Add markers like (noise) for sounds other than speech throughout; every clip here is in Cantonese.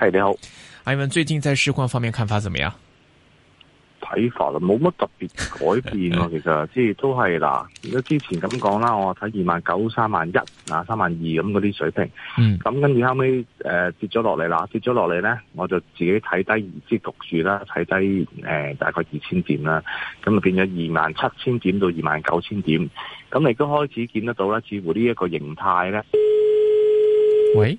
係，你好，阿文、啊，最近在市況方面看法怎麼樣？睇法啦，冇乜特別改變啊，其實即係都係啦。如果之前咁講啦，我睇二萬九、三萬一、嗱三萬二咁嗰啲水平，嗯，咁跟住後尾誒跌咗落嚟啦，跌咗落嚟咧，我就自己睇低唔知局住啦，睇低誒、呃、大概二千點啦，咁就變咗二萬七千點到二萬九千點，咁你都開始見得到啦，似乎呢一個形態咧，喂。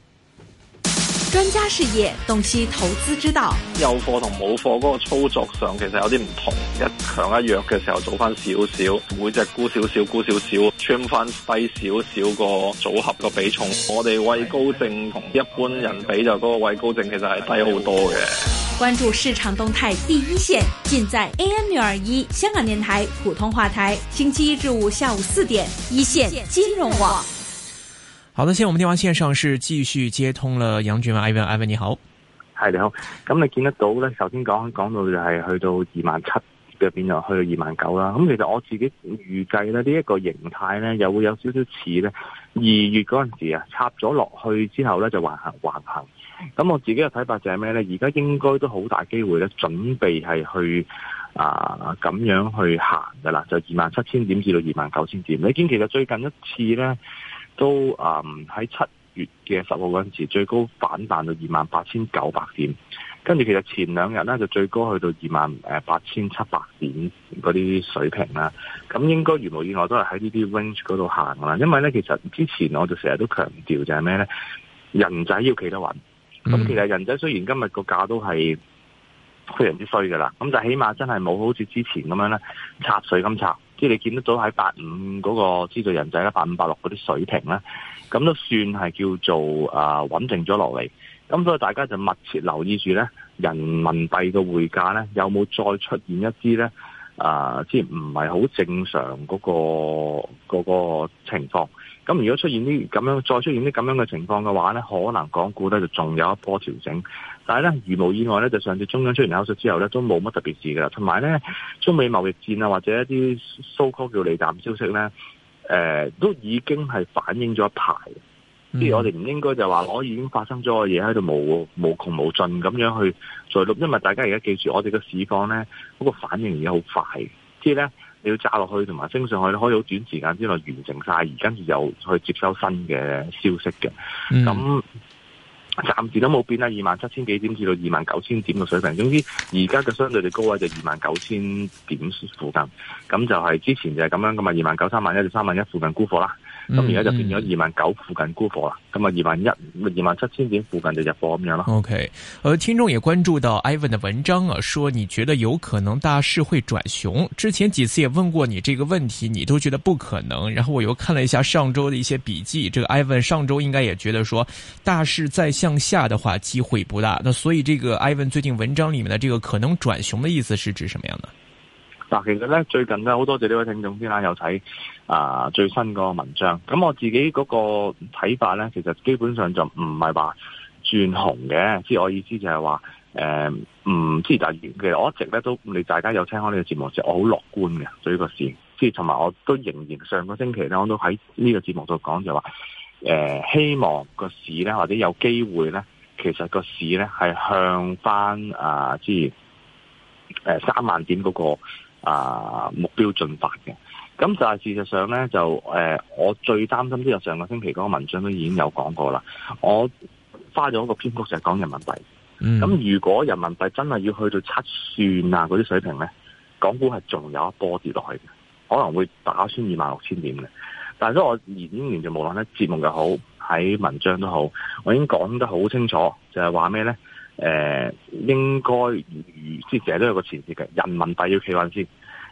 專家視野，洞悉投資之道。有貨同冇貨嗰個操作上，其實有啲唔同。一強一弱嘅時候，做翻少少，每隻沽少少，沽少少，穿翻低少少個組合個比重。我哋位高正同一般人比就嗰個位高正其實係低好多嘅。關注市場動態，第一線盡在 AM 六二一，香港電台普通話台，星期一至五下午四點，一線金融網。好的，先，我們電話線上是繼續接通了楊。楊俊文，Ivan，Ivan 你好，係你好。咁你見得到咧？首先講講到就係去到二萬七嘅變就去到二萬九啦。咁其實我自己預計咧，呢、這、一個形態咧又會有少少似咧二月嗰陣時啊插咗落去之後咧就橫行橫行。咁我自己嘅睇法就係咩咧？而家應該都好大機會咧，準備係去啊咁、呃、樣去行噶啦，就二萬七千點至到二萬九千點。你見其實最近一次咧？都啊，喺、嗯、七月嘅十號嗰陣時，最高反彈到二萬八千九百點，跟住其實前兩日咧就最高去到二萬誒八千七百點嗰啲水平啦。咁應該如無意外都係喺呢啲 range 嗰度行噶啦。因為咧，其實之前我就成日都強調就係咩咧，人仔要企得穩。咁其實人仔雖然今日個價都係非常之衰噶啦，咁但起碼真係冇好似之前咁樣咧，插水咁插。即係你見得到喺八五嗰個知道人仔咧，八五八六嗰啲水平咧，咁都算係叫做誒、啊、穩定咗落嚟。咁所以大家就密切留意住咧，人民幣嘅匯價咧有冇再出現一啲咧誒，即係唔係好正常嗰、嗰個嗰個情況。咁如果出現啲咁樣，再出現啲咁樣嘅情況嘅話咧，可能港股咧就仲有一波調整。但係咧，如無意外咧，就上次中央出完口術之後咧，都冇乜特別事噶啦。同埋咧，中美貿易戰啊，或者一啲 so call 叫利淡消息咧、呃，都已經係反映咗一排。嗯、即係我哋唔應該就話我已經發生咗嘅嘢喺度無無窮無盡咁樣去再錄，因為大家而家記住，我哋嘅市況咧嗰、那個反應而家好快。即係咧，你要揸落去同埋升上去，你可以好短時間之內完成晒，而跟住又去接收新嘅消息嘅。咁、嗯暫時都冇變啦，二萬七千幾點至到二萬九千點嘅水平。總之，而家嘅相對嘅高位就二萬九千點附近，咁就係之前就係咁樣，㗎嘛，二萬九三萬一，就三萬一附近沽貨啦。咁而家就變咗二萬九附近沽貨啦，咁啊二萬一二萬七千點附近就入貨咁樣咯。OK，而、嗯、聽眾也關注到 Ivan 的文章啊，說你覺得有可能大市會轉熊？之前幾次也問過你這個問題，你都覺得不可能。然後我又看了一下上周的一些筆記，這個 Ivan 上周應該也覺得說大市再向下的話機會不大。那所以這個 Ivan 最近文章裏面的這個可能轉熊的意思是指什麼樣呢？嗱，其實咧最近咧好多謝呢位聽眾先啦，有睇啊最新嗰個文章。咁我自己嗰個睇法咧，其實基本上就唔係話轉紅嘅。即係我意思就係話，誒唔知係其實我一直咧都，你大家有聽開呢個節目就我好樂觀嘅對個市。即係同埋我都仍然上個星期咧，我都喺呢個節目度講就話，誒、呃、希望個市咧或者有機會咧，其實個市咧係向翻啊，即係、啊、三萬點嗰、嗰個。啊，目標進發嘅，咁但係事實上咧，就誒、呃，我最擔心呢就上個星期嗰個文章都已經有講過啦。我花咗一個篇幅就係講人民幣，咁、嗯、如果人民幣真係要去到七算啊嗰啲水平咧，港股係仲有一波跌落去嘅，可能會打穿二萬六千點嘅。但係所以我而年就無論咧節目又好，喺文章都好，我已經講得好清楚，就係話咩咧？誒、呃，應該即係成日都有個前提嘅，人民幣要企穩先穩，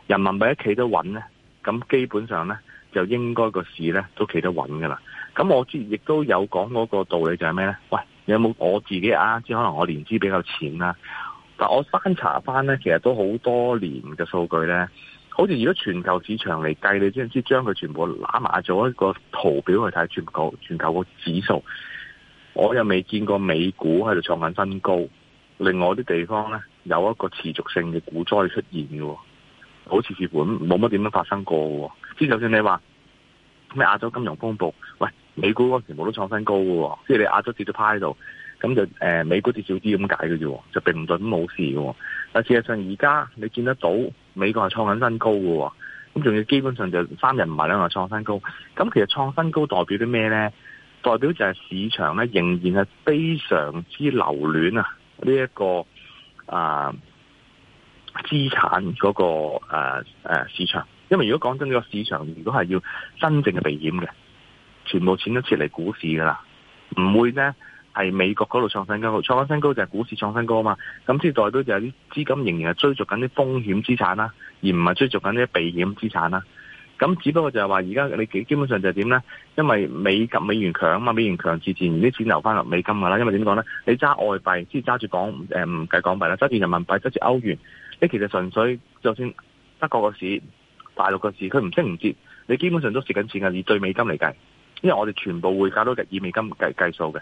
人民幣一企得穩咧，咁基本上咧就應該個市咧都企得穩噶啦。咁我之前亦都有講嗰個道理就係咩咧？喂，你有冇我自己啊？即係可能我年資比較淺啦、啊，但我翻查翻咧，其實都好多年嘅數據咧，好似如果全球市場嚟計，你知唔知將佢全部攬埋咗一個圖表去睇全球全球個指數？我又未見過美股喺度創緊新高，另外啲地方咧有一個持續性嘅股災出現嘅、哦，好似似乎冇乜點樣發生過、哦。即係就算你話咩亞洲金融風暴，喂，美股嗰時冇都創新高喎、哦，即係你亞洲跌咗趴喺度，咁就、呃、美股跌少啲咁解嘅啫，就並唔準冇事喎、哦。但事實上而家你見得到美國係創緊新高喎、哦。咁仲要基本上就三日唔埋兩日創新高。咁其實創新高代表啲咩咧？代表就係市場咧，仍然係非常之留戀啊！呢、這、一個啊資產嗰、那個誒誒、啊啊、市場，因為如果講真，這個市場如果係要真正嘅避險嘅，全部錢都撤離股市噶啦，唔會呢係美國嗰度創新高，創新高就係股市創新高啊嘛。咁即係代表就係啲資金仍然係追逐緊啲風險資產啦、啊，而唔係追逐緊啲避險資產啦、啊。咁只不過就係話，而家你基基本上就係點呢？因為美及美元強啊嘛，美元強自然啲錢流翻入美金噶啦。因為點講呢？你揸外幣，即係揸住港誒唔計港幣啦，揸住人民幣，揸住歐元，你其實純粹就算德國個市、大陸個市，佢唔升唔跌，你基本上都蝕緊錢嘅，以對美金嚟計。因為我哋全部匯價都以美金計數嘅。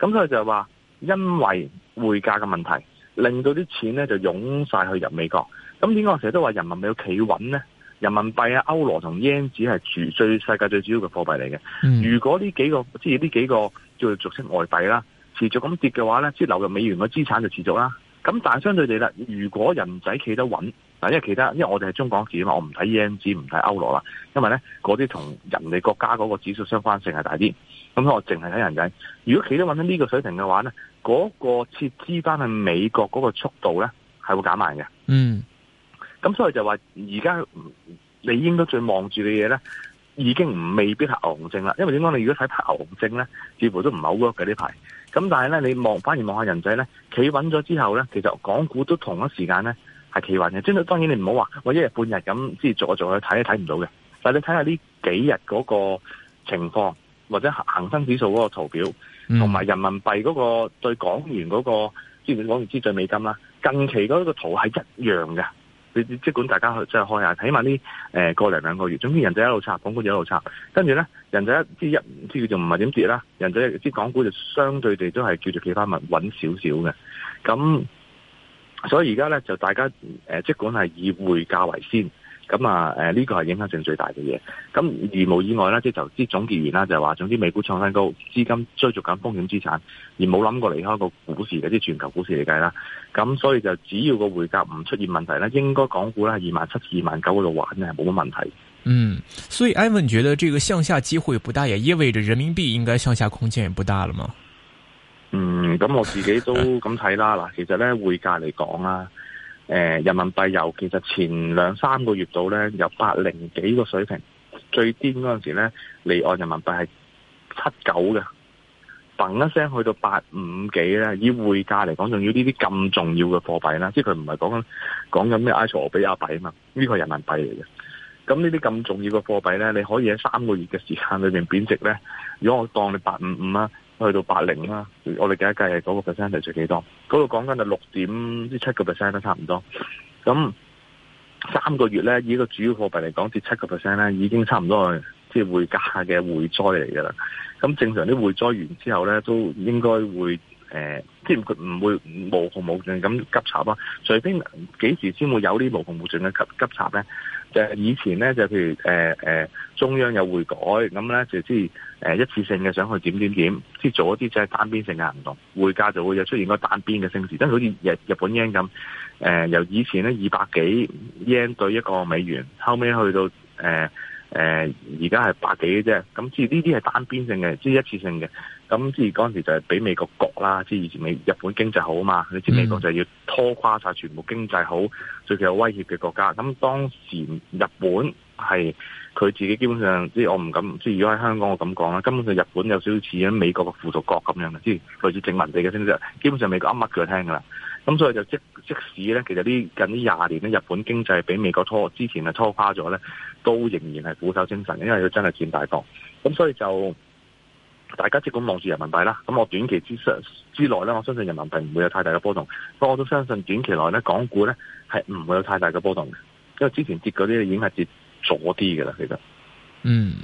咁所以就係話，因為匯價嘅問題，令到啲錢呢就湧晒去入美國。咁點解我成日都話人民幣要企穩呢？人民幣啊、歐羅同鎊紙係最世界最主要嘅貨幣嚟嘅。嗯、如果呢幾個即係呢幾個叫做俗稱外幣啦，持續咁跌嘅話咧，即係流入美元嘅資產就持續啦。咁但係相對地啦，如果人仔企得穩，嗱，因為其他，因為我哋係中港紙啊嘛，我唔睇鎊紙，唔睇歐羅啊，因為咧嗰啲同人哋國家嗰個指數相關性係大啲。咁我淨係睇人仔。如果企得穩喺呢個水平嘅話咧，嗰、嗰個撤資翻去美國嗰個速度咧係會減慢嘅。嗯。咁所以就話而家你應該最望住嘅嘢咧，已經唔未必係牛熊證啦。因為點講？你如果睇排牛熊證咧，似乎都唔係好 work 嘅呢排。咁但係咧，你望反而望下人仔咧企穩咗之後咧，其實港股都同一時間咧係企穩嘅。即係當然你唔好話我一日半日咁，即係做啊做去睇，都睇唔到嘅。但係你睇下呢幾日嗰個情況，或者恒生指數嗰個圖表，同埋人民幣嗰個對港元嗰個，即係港元之兌美金啦，近期嗰個圖係一樣嘅。即管大家去即係開下，睇埋起碼呢誒個零兩個月，總之人仔一路拆，港股就一路拆。跟住咧，人仔一即一即係就唔係點跌啦，人仔即係港股就相對地都係叫做企翻物穩少少嘅。咁所以而家咧就大家誒，即管係以匯價為先。咁啊，誒、嗯、呢、這個係影響性最大嘅嘢。咁如無意外咧，即係投資總結完啦，就係話，總之美股創新高，資金追逐緊風險資產，而冇諗過離開個股市嘅，即係全球股市嚟計啦。咁、嗯、所以就只要個匯價唔出現問題咧，應該港股咧係二萬七、二萬九嗰度玩咧係冇乜問題。嗯，所以 Evan 覺得這個向下機會不大，也意味着人民幣應該向下空間也不大了嗎？嗯、咁、嗯、我自己都咁睇啦。嗱， (laughs) 其實咧匯價嚟講啦。誒、呃，人民幣由其實前兩三個月度咧，由八零幾個水平，最癲嗰陣時咧，離岸人民幣係七九嘅，嘣一聲去到八五幾咧，以匯價嚟講，仲要呢啲咁重要嘅貨幣啦，即係佢唔係講緊講緊咩埃塞俄比亞幣啊嘛，呢個係人民幣嚟嘅，咁呢啲咁重要嘅貨幣咧，你可以喺三個月嘅時間裏邊貶值咧，如果我當你八五五啊。去到八零啦，我哋計一計係嗰個 percent 係最幾多？嗰個講緊係六點啲七個 percent 都差唔多。咁三個月咧，以個主要貨幣嚟講至七個 percent 咧，已經差唔多係即係匯價嘅匯災嚟噶啦。咁正常啲匯災完之後咧，都應該會。誒，即係唔會無窮無盡咁急插咯。隨便幾時先會有啲無窮無盡嘅急急插咧？就係以前咧，就譬如誒、呃、中央有匯改咁咧，就即係一次性嘅，想去點點點，即做一啲即係單邊性嘅行動，匯價就會有出現個單邊嘅升市。即好似日日本英咁、呃，由以前咧二百幾英對一個美元，後尾去到誒。呃誒而家係百幾嘅啫，咁即係呢啲係單邊性嘅，即係一次性嘅。咁即係嗰陣時就係俾美國割啦，即係以前美日本經濟好啊嘛，你知美國就係要拖垮晒全部經濟好最具有威脅嘅國家。咁當時日本係佢自己基本上，即係我唔敢，即係如果喺香港我咁講啦，根本上日本有少少似緊美國嘅附屬國咁樣嘅，即類似殖民地嘅先得，基本上美國噏乜佢聽㗎啦。咁所以就即即使咧，其實呢近呢廿年咧，日本經濟俾美國拖，之前啊拖垮咗咧，都仍然係苦手精神，因為佢真係佔大檔。咁所以就大家即管望住人民幣啦。咁我短期之之內咧，我相信人民幣唔會有太大嘅波動。不過我都相信短期內咧，港股咧係唔會有太大嘅波動嘅，因為之前跌嗰啲已經係跌咗啲嘅啦，其實。嗯。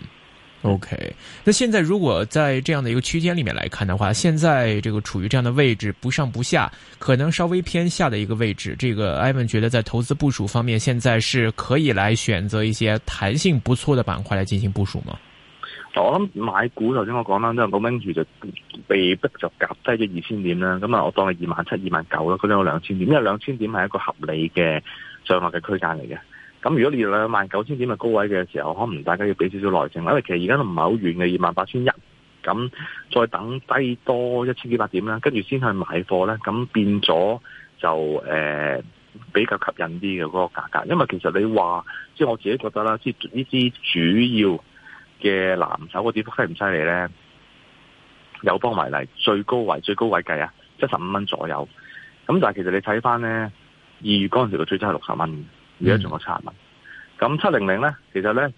OK，那現在如果在這樣的一個區間裏面來看的話，現在這個處於這樣的位置不上不下，可能稍微偏下的一個位置，這個艾文 a 覺得在投資部署方面，現在是可以來選擇一些彈性不錯的板塊來進行部署嗎？我諗買股頭先我講啦，都係冇跟住就被逼就夾低咗二千點啦，咁啊，我當係二萬七、二萬九啦，佢都有兩千點，因為兩千點係一個合理嘅上落嘅區間嚟嘅。咁如果你要兩萬九千點嘅高位嘅時候，可能大家要俾少少耐性，因為其實而家都唔係好遠嘅，二萬八千一，咁再等低多一千幾百點啦，跟住先去買貨咧，咁變咗就誒、呃、比較吸引啲嘅嗰個價格。因為其實你話，即我自己覺得啦，即呢支主要嘅藍籌個跌幅犀唔犀利咧？有幫埋嚟。最高位，最高位計啊，七十五蚊左右。咁但係其實你睇翻咧，二月嗰陣時嘅最低係六十蚊。而家仲有差民，咁七零零咧，其實咧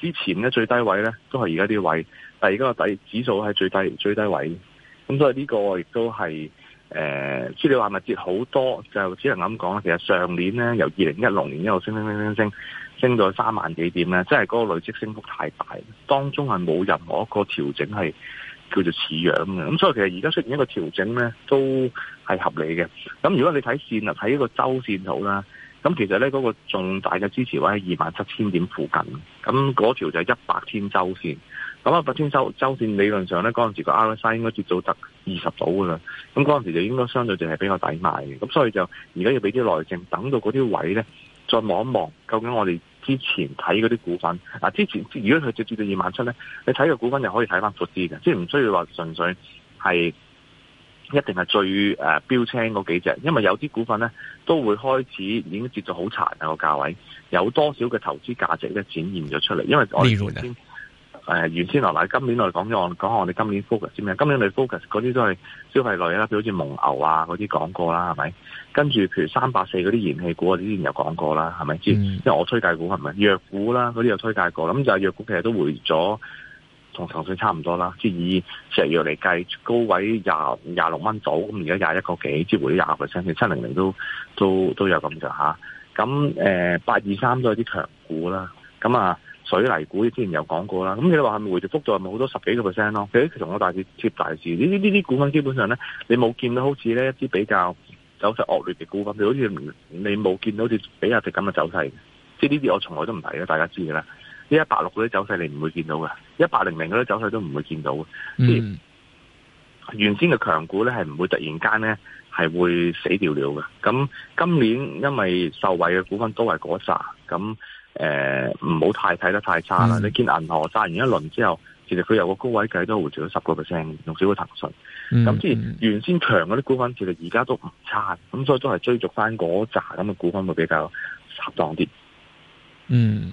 之前咧最低位咧都係而家啲位，第二個底指數係最低最低位，咁所以呢個亦都係誒、呃、資料話咪跌好多？就只能咁講啦。其實上年咧由二零一六年一路升升升升升升到三萬幾點咧，即係嗰個累積升幅太大，當中係冇任何一個調整係叫做似樣嘅。咁所以其實而家出現一個調整咧都係合理嘅。咁如果你睇線啊，睇一個周線圖啦。咁其實咧，嗰、那個重大嘅支持位喺二萬七千點附近，咁嗰條就係一百天周線。咁啊，百天周週線理論上咧，嗰陣時個 RSI 應該接到得二十度噶啦。咁嗰陣時就應該相對就係比較抵賣嘅。咁所以就而家要俾啲耐性，等到嗰啲位咧再望一望，究竟我哋之前睇嗰啲股份啊，之前如果佢直接到二萬七咧，你睇個股份就可以睇翻復資嘅，即係唔需要話純粹係。一定係最誒標青嗰幾隻，因為有啲股份咧都會開始已經跌到好殘啊個價位，有多少嘅投資價值咧展現咗出嚟？因為我先原先來講、呃，今年嚟講咗講我哋今年 focus 咩？今年你 focus 嗰啲都係消費類啦，譬如好似蒙牛啊嗰啲講過啦，係咪？跟住譬如三百四嗰啲燃氣股啊，之前有講過啦，係咪、嗯？即係我推介股係咪藥股啦？嗰啲有推介過，咁就藥股其實都回咗。同騰訊差唔多啦，即以石藥嚟計，高位廿廿六蚊度，咁而家廿一個幾，跌回廿個 percent，七零零都都都有咁嘅吓。咁、啊、誒，八二三都有啲強股啦。咁啊，水泥股之前有講過啦。咁你話係咪回跌幅度係咪好多十幾個 percent 咯？佢同我大市貼大市，呢呢啲股份基本上咧，你冇見到好似呢一啲比較走勢惡劣嘅股份，你好似你冇見到似比亞迪咁嘅走勢。即呢啲我從來都唔睇嘅，大家知嘅啦。呢一百六嗰啲走勢你唔會見到嘅，一百零零嗰啲走勢都唔會見到嘅。嗯，即係原先嘅強股咧係唔會突然間咧係會死掉了嘅。咁今年因為受惠嘅股份都係嗰扎，咁誒唔好太睇得太差啦。嗯、你見銀河殺完一輪之後，其實佢由個高位計都回調咗十個 percent，尤其是個騰訊。咁即係原先強嗰啲股份，其實而家都唔差，咁所以都係追逐翻嗰扎咁嘅股份會比較恰當啲。嗯。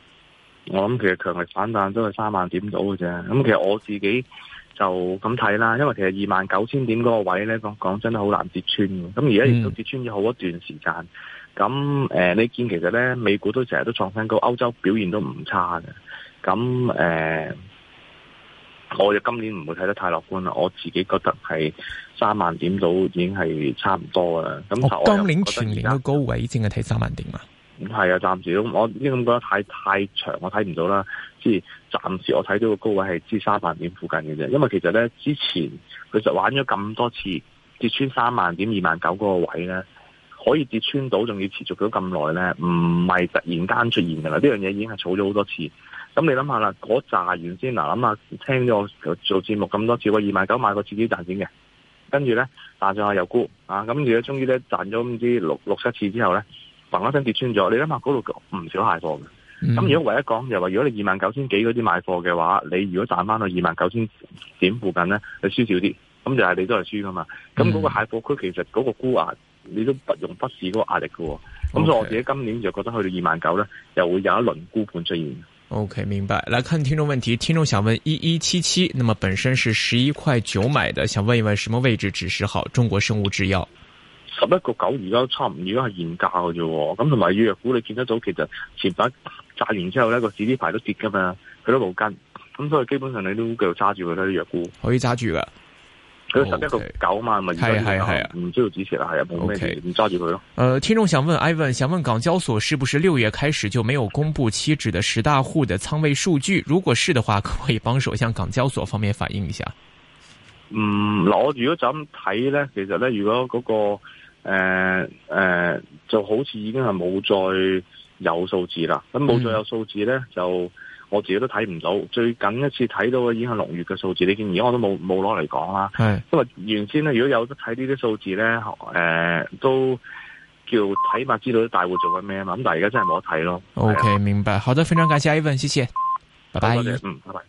我諗其實強力反彈都係三萬點到嘅啫，咁其實我自己就咁睇啦，因為其實二萬九千點嗰個位咧，講講真係好難跌穿，咁而家亦都跌穿咗好一段時間。咁誒、嗯呃，你見其實咧，美股都成日都創新高，歐洲表現都唔差嘅。咁、呃、誒，我就今年唔會睇得太樂觀啦，我自己覺得係三萬點到已經係差唔多啦。咁我今年全年高位淨係睇三萬點嘛。咁係啊，暫時咁，我啲咁覺得太太長，我睇唔到啦。即係暫時，我睇到個高位係支三萬點附近嘅啫。因為其實咧，之前佢實玩咗咁多次，跌穿三萬點二萬九嗰個位咧，可以跌穿到，仲要持續咗咁耐咧，唔係突然間出現嘅啦。呢樣嘢已經係炒咗好多次。咁、嗯、你諗下啦，嗰扎完先嗱諗下，聽咗我做節目咁多次，我萬萬個二萬九買過次啲賺錢嘅，跟住咧賺上下又沽啊，咁而家終於咧賺咗唔知六六七次之後咧。嘭一聲跌穿咗，你諗下嗰度唔少蟹貨嘅，咁如果唯一講又話，如果你二萬九千幾嗰啲買貨嘅話，你如果賺翻去二萬九千點附近咧，你輸少啲，咁就係你，、嗯、你都係輸噶嘛。咁嗰個蟹貨區，其實嗰個沽壓你都不容忽視嗰個壓力嘅，咁所以我自己今年就覺得去到二萬九咧，又會有一輪沽盤出現。OK，明白。來看聽眾問題，聽眾想問一一七七，那麼本身是十一塊九買的，想問一問什麼位置止蝕好？中國生物製藥。十一個九，而家差唔多係現價嘅啫。咁同埋醫藥股，你見得到，其實前排炸完之後咧，個指啲牌都跌噶嘛，佢都冇跟。咁所以基本上你都繼續揸住佢啦啲藥股，可以揸住噶。佢十一個九嘛，咪現價，唔需要支持啦，係啊，冇咩嘢，咁揸 Okay. 住佢咯。誒、呃，聽眾想問 Ivan，想問港交所，是不是六月開始就沒有公布期指嘅十大戶嘅倉位數據？如果是的話，可唔可以幫手向港交所方面反映一下。嗯，嗱，我如果就咁睇咧，其實咧，如果嗰、那個。誒誒、呃呃，就好似已經係冇再有數字啦。咁冇再有數字咧，嗯、就我自己都睇唔到。最近一次睇到嘅已經係六月嘅數字，你見而家我都冇冇攞嚟講啦。係是因為原先咧，如果有得睇呢啲數字咧，誒、呃、都叫睇埋知道啲大戶做緊咩嘛。咁但係而家真係冇得睇咯。OK，啊、明白。好的，非常感謝 Ivan，謝謝，拜拜好 bye。嗯，拜拜。